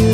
you